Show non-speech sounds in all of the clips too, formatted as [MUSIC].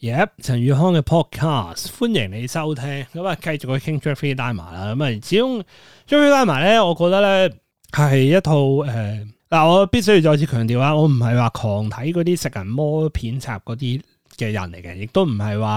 耶！陳宇康嘅 podcast，歡迎你收聽。咁啊，繼續去傾《Jeffrey Dahmer》啦。咁啊，始終《Jeffrey Dahmer》咧，我覺得咧係一套誒嗱，我必須要再次強調啊，我唔係話狂睇嗰啲食人魔片集嗰啲嘅人嚟嘅，亦都唔係話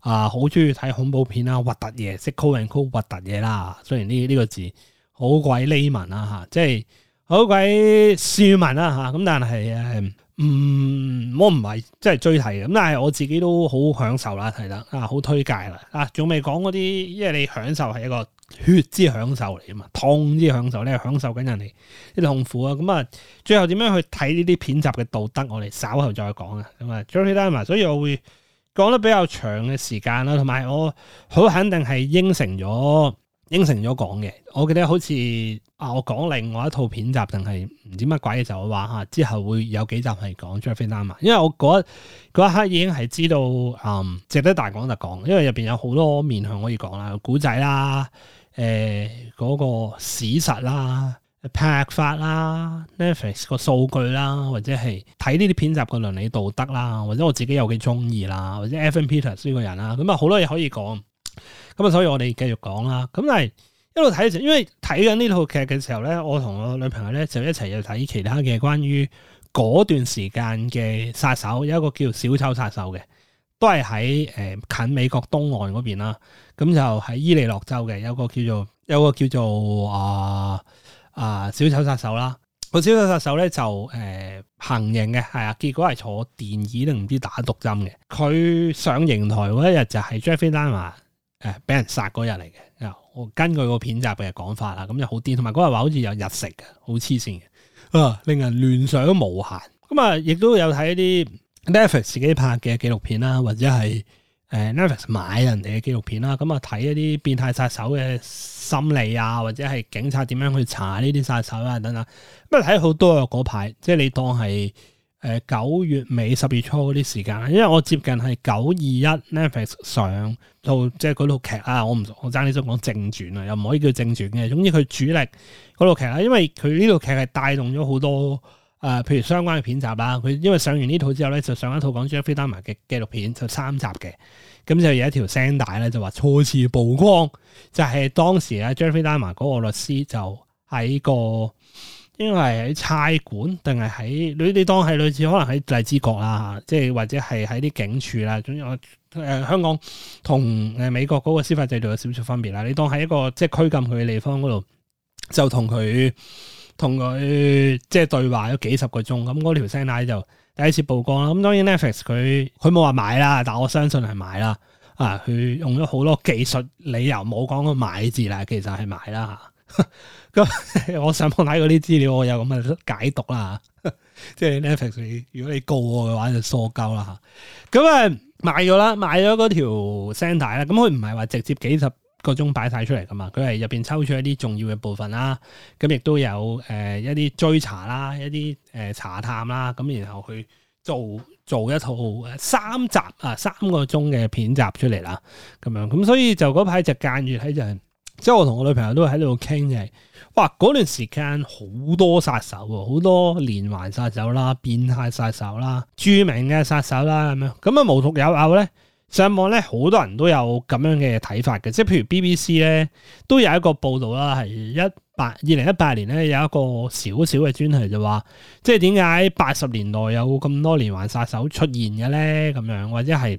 啊好中意睇恐怖片啦、核突嘢、識 call and call 核突嘢啦。雖然呢呢個字好鬼匿文啦吓，即係好鬼書面啦吓，咁但係誒。唔、嗯，我唔係即係追睇嘅，咁但係我自己都好享受啦，係啦，啊好推介啦，啊仲未講嗰啲，因為你享受係一個血之享受嚟啊嘛，痛之享受咧，你享受緊人哋啲痛苦啊，咁、嗯、啊，最後點樣去睇呢啲片集嘅道德，我哋稍後再講啊，咁啊，張希丹啊，所以我會講得比較長嘅時間啦，同埋我好肯定係應承咗。應承咗講嘅，我記得好似啊，我講另外一套片集定係唔知乜鬼嘅時候，我話吓之後會有幾集係講《Jeffrey Dahmer》，因為我嗰嗰一,一刻已經係知道，嗯，值得大講特講，因為入邊有好多面向可以講啦，古仔啦，誒、那、嗰個史實啦、拍法啦、Netflix 個數據啦，或者係睇呢啲片集嘅倫理道德啦，或者我自己有幾中意啦，或者 Evan Peters 呢個人啦，咁啊好多嘢可以講。咁啊，所以我哋繼續講啦。咁但係一路睇，因為睇緊呢套劇嘅時候咧，我同我女朋友咧就一齊又睇其他嘅關於嗰段時間嘅殺手，有一個叫小丑殺手嘅，都係喺誒近美國東岸嗰邊啦。咁就喺伊利諾州嘅，有個叫做有個叫做啊啊小丑殺手啦。個小丑殺手咧就誒、呃、行刑嘅，係啊，結果係坐電椅定唔知打毒針嘅。佢上刑台嗰一日就係 Jeffrey Dahmer 誒，俾人殺嗰日嚟嘅，我根據個片集嘅講法啦，咁就好癲，同埋嗰日話好似有日食嘅，好黐線嘅，啊，令人聯想無限。咁啊，亦都有睇一啲 Netflix 自己拍嘅紀錄片啦，或者係誒、呃、Netflix 買人哋嘅紀錄片啦，咁啊睇一啲變態殺手嘅心理啊，或者係警察點樣去查呢啲殺手啊等等，咁啊睇好多啊嗰排，即係你當係。誒九、呃、月尾十月初嗰啲時間，因為我接近係九二一 Netflix 上套，即係嗰套劇啊，我唔我爭啲想講正傳啊，又唔可以叫正傳嘅，總之佢主力嗰套劇啦，因為佢呢套劇係帶動咗好多誒、呃，譬如相關嘅片集啦。佢因為上完呢套之後咧，就上一套講 Jeffrey Dahmer 嘅紀錄片，就三集嘅。咁、嗯、就有一條聲帶咧，就話初次曝光就係當時啊 Jeffrey Dahmer 嗰個律師就喺個。因為喺差館，定係喺你你當係類似可能喺荔枝角啦，即係或者係喺啲警署啦。總之我誒、呃、香港同誒美國嗰個司法制度有少少分別啦。你當喺一個即係拘禁佢嘅地方嗰度，就同佢同佢即係對話咗幾十個鐘，咁嗰條聲帶就第一次曝光啦。咁當然 Netflix 佢佢冇話買啦，但我相信係買啦。啊，佢用咗好多技術理由，冇講個買字啦，其實係買啦嚇。啊咁 [LAUGHS] 我上網睇過啲資料，我有咁嘅解讀啦， [LAUGHS] 即係 Netflix，如果你告我嘅話就疏膠啦吓。咁啊買咗啦，買咗嗰條聲帶啦。咁佢唔係話直接幾十個鐘擺晒出嚟噶嘛，佢係入邊抽出一啲重要嘅部分啦。咁亦都有誒、呃、一啲追查啦，一啲誒、呃、查探啦。咁然後去做做一套三集啊三個鐘嘅片集出嚟啦。咁樣咁、嗯、所以就嗰排就間月喺。就。即係我同我女朋友都喺度傾嘅，哇！嗰段時間好多殺手喎、啊，好多連環殺手啦、啊、變態殺手啦、啊、著名嘅殺手啦、啊、咁樣，咁啊無獨有偶咧，上網咧好多人都有咁樣嘅睇法嘅，即係譬如 BBC 咧，都有一個報導啦，係一八二零一八年咧有一個少少嘅專題就話，即係點解八十年代有咁多連環殺手出現嘅咧？咁樣或者係。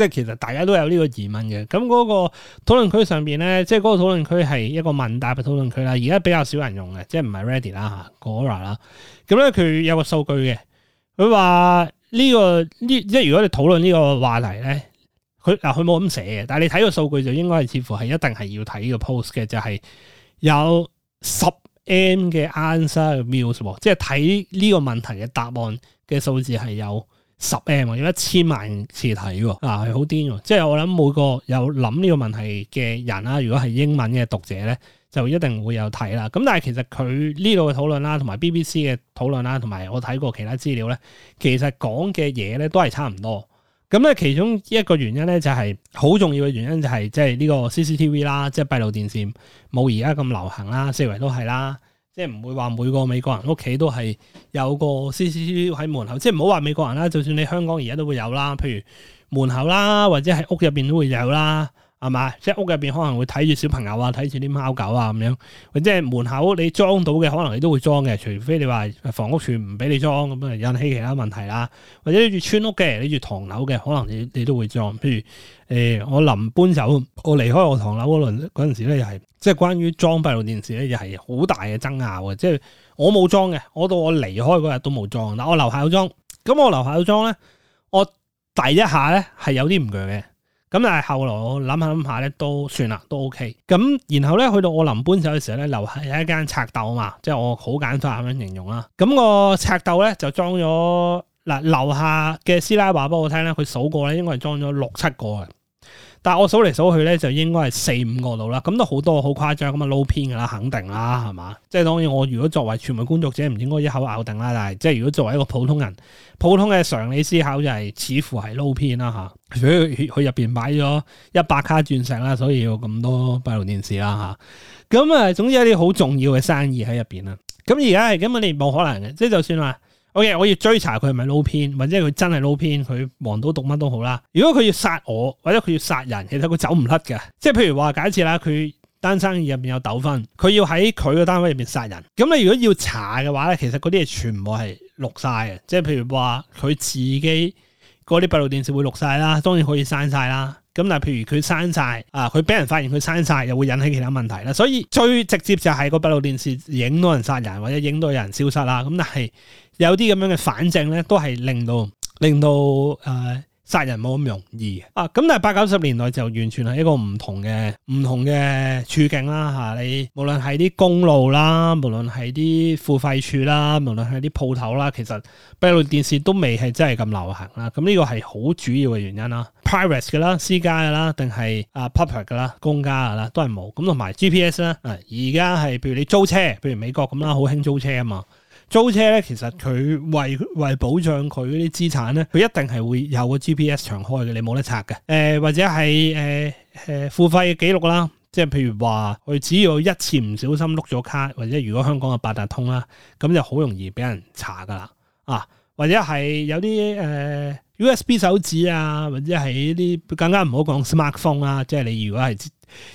即係其實大家都有呢個疑問嘅，咁、那、嗰個討論區上邊咧，即係嗰個討論區係一個問答嘅討論區啦。而家比較少人用嘅，即係唔係 ready 啦、Gora 啦。咁咧佢有個數據嘅，佢話呢個呢，即係如果你討論呢個話題咧，佢嗱佢冇咁寫，但係你睇個數據就應該係似乎係一定係要睇呢個 post 嘅，就係、是、有十 M 嘅 answer views，即係睇呢個問題嘅答案嘅數字係有。十 M 喎，有一千萬次睇喎，啊，係好癲喎！即係我諗每個有諗呢個問題嘅人啦，如果係英文嘅讀者咧，就一定會有睇啦。咁但係其實佢呢度嘅討論啦，同埋 BBC 嘅討論啦，同埋我睇過其他資料咧，其實講嘅嘢咧都係差唔多。咁咧其中一個原因咧就係好重要嘅原因就係即係呢個 CCTV 啦，即係閉路電視冇而家咁流行啦，四圍都係啦。即係唔會話每個美國人屋企都係有個、CC、c c 喺門口，即係唔好話美國人啦，就算你香港而家都會有啦，譬如門口啦，或者喺屋入邊都會有啦。係嘛？即係屋入邊可能會睇住小朋友啊，睇住啲貓狗啊咁樣。或者係門口你裝到嘅，可能你都會裝嘅，除非你話房屋署唔俾你裝咁啊，就引起其他問題啦。或者你住村屋嘅，你住唐樓嘅，可能你你都會裝。譬如誒、呃，我臨搬走，我離開我唐樓嗰輪嗰陣時咧，又係即係關於裝閉路電視咧，又係好大嘅爭拗嘅。即係我冇裝嘅，我到我離開嗰日都冇裝。嗱，我樓下有裝，咁我樓下有裝咧，我第一下咧係有啲唔強嘅。咁但係後來我諗下諗下咧，都算啦，都 OK。咁然後咧，去到我臨搬走嘅時候咧，樓下有一間拆豆嘛，即係我好簡單咁樣形容啦。咁、個拆豆咧就裝咗嗱，樓、呃、下嘅師奶話俾我聽咧，佢數過咧，應該係裝咗六七個嘅。但係我數嚟數去咧就應該係四五個度啦，咁都好多好誇張，咁啊撈偏噶啦，肯定啦，係嘛？即係當然我如果作為傳媒工作者唔應該一口咬定啦，但係即係如果作為一個普通人，普通嘅常理思考就係似乎係撈偏啦吓。所以佢入邊買咗一百卡鑽石啦，所以有咁多閉路電視啦吓，咁啊，啊總之有啲好重要嘅生意喺入邊啦。咁而家係根本你冇可能嘅，即係就算話。O.K. 我要追查佢係咪撈偏，或者佢真係撈偏，佢望到讀乜都好啦。如果佢要殺我，或者佢要殺人，其實佢走唔甩嘅。即係譬如話假設啦，佢單生意入面有糾紛，佢要喺佢個單位入面殺人。咁你如果要查嘅話咧，其實嗰啲嘢全部係錄晒嘅。即係譬如話佢自己嗰啲閉路電視會錄晒啦，當然可以刪晒啦。咁但係譬如佢刪晒啊，佢俾人發現佢刪晒，又會引起其他問題啦。所以最直接就係個閉路電視影到人殺人，或者影到有人消失啦。咁但係。有啲咁樣嘅反證咧，都係令到令到誒、呃、殺人冇咁容易啊！咁但係八九十年代就完全係一個唔同嘅唔同嘅處境啦嚇、啊。你無論係啲公路啦，無論係啲付費處啦，無論係啲鋪頭啦，其實閉路電視都未係真係咁流行啦。咁呢個係好主要嘅原因啦。private 嘅啦，私家嘅啦，定係啊 public 嘅啦，公家嘅啦都係冇。咁同埋 GPS 咧，而家係譬如你租車，譬如美國咁啦，好興租車啊嘛。租車咧，其實佢為為保障佢啲資產咧，佢一定係會有個 GPS 長開嘅，你冇得拆嘅。誒、呃、或者係誒誒付費嘅記錄啦，即係譬如話，佢只要一次唔小心碌咗卡，或者如果香港嘅八達通啦，咁就好容易俾人查噶啦。啊，或者係有啲誒、呃、USB 手指啊，或者係啲更加唔好講 smartphone 啦、啊，即係你如果係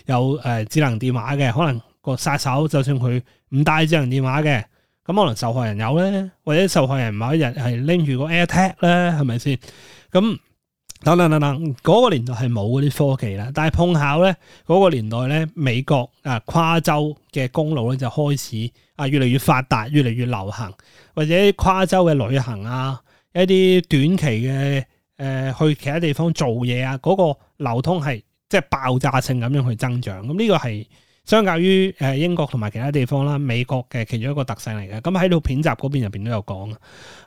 有誒智能電話嘅，可能個殺手就算佢唔帶智能電話嘅。咁可能受害人有咧，或者受害人某一日係拎住個 AirTag 咧，係咪先？咁等等等等，嗰個年代係冇嗰啲科技啦。但係碰巧咧，嗰、那個年代咧，美國啊、呃、跨州嘅公路咧就開始啊越嚟越發達，越嚟越流行，或者跨州嘅旅行啊，一啲短期嘅誒、呃、去其他地方做嘢啊，嗰、那個流通係即係爆炸性咁樣去增長。咁、嗯、呢、這個係。相較於英國同埋其他地方啦，美國嘅其中一個特性嚟嘅，咁喺度片集嗰邊入邊都有講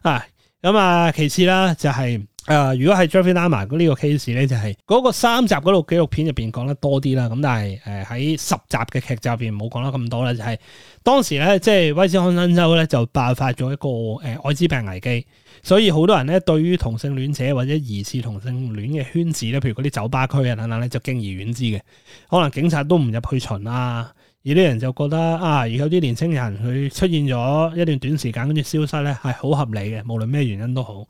啊。咁啊，其次啦，就是，就係誒，如果係 Jeffrey Dahmer 呢個 case 咧，就係、是、嗰個三集嗰度紀錄片入邊講得多啲啦。咁但係誒喺十集嘅劇集入邊冇講得咁多啦。就係、是、當時咧，即、就、係、是、威斯康辛州咧就爆發咗一個誒艾滋病危機，所以好多人咧對於同性戀者或者疑似同性戀嘅圈子咧，譬如嗰啲酒吧區啊等等咧，就敬而遠之嘅。可能警察都唔入去巡啦。有啲人就覺得啊，而有啲年青人佢出現咗一段短時間，跟住消失咧，係好合理嘅。無論咩原因都好，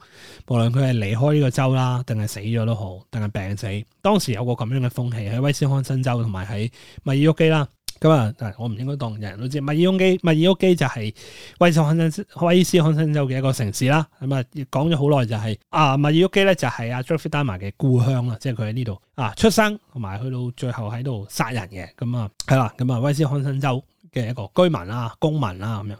無論佢係離開呢個州啦，定係死咗都好，定係病死。當時有個咁樣嘅風氣喺威斯康辛州同埋喺密爾沃基啦。咁啊、嗯，我唔應該當人人都知。密爾沃基，密爾沃基就係威士康威斯康辛州嘅一個城市啦。咁、就是、啊，講咗好耐就係、就是、啊，密爾沃基咧就係阿 Jeffrey Dahmer 嘅故鄉啦，即係佢喺呢度啊出生同埋去到最後喺度殺人嘅。咁、嗯、啊，係、嗯、啦，咁、嗯、啊、嗯、威斯康辛州嘅一個居民啦、公民啦咁樣。誒、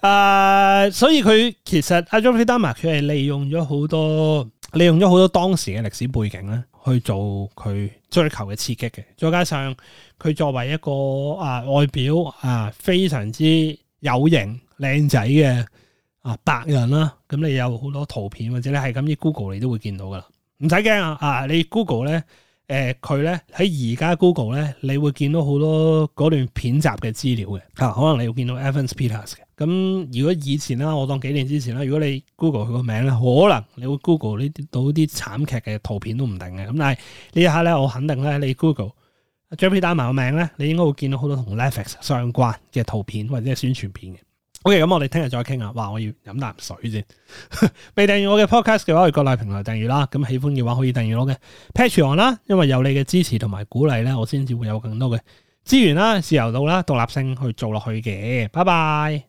啊，所以佢其實阿 Jeffrey Dahmer 佢係利用咗好多，利用咗好多當時嘅歷史背景咧。去做佢追求嘅刺激嘅。再加上佢作為一個啊外表啊非常之有型靚仔嘅啊白人啦，咁你有好多圖片或者你係咁啲 Google 你都會見到噶啦，唔使驚啊！啊你 Google 咧。誒佢咧喺、呃、而家 Google 咧，你會見到好多嗰段片集嘅資料嘅嚇，可能你會見到 Evans Peters 嘅。咁如果以前啦，我當幾年之前啦，如果你 Google 佢個名咧，可能你會 Google 呢啲到啲慘、啊、劇嘅圖片都唔定嘅。咁、啊、但係呢一刻咧，我肯定咧，你 Google j e、啊、打埋 y 個名咧，你應該會見到好多同 Netflix 相關嘅圖片或者係宣傳片嘅。O.K.，咁我哋聽日再傾啊！哇，我要飲啖水先。未訂閱我嘅 Podcast 嘅話，去各大平台訂閱啦。咁喜歡嘅話，可以訂閱我嘅 Patreon 啦。因為有你嘅支持同埋鼓勵咧，我先至會有更多嘅資源啦、自由度啦、獨立性去做落去嘅。拜拜。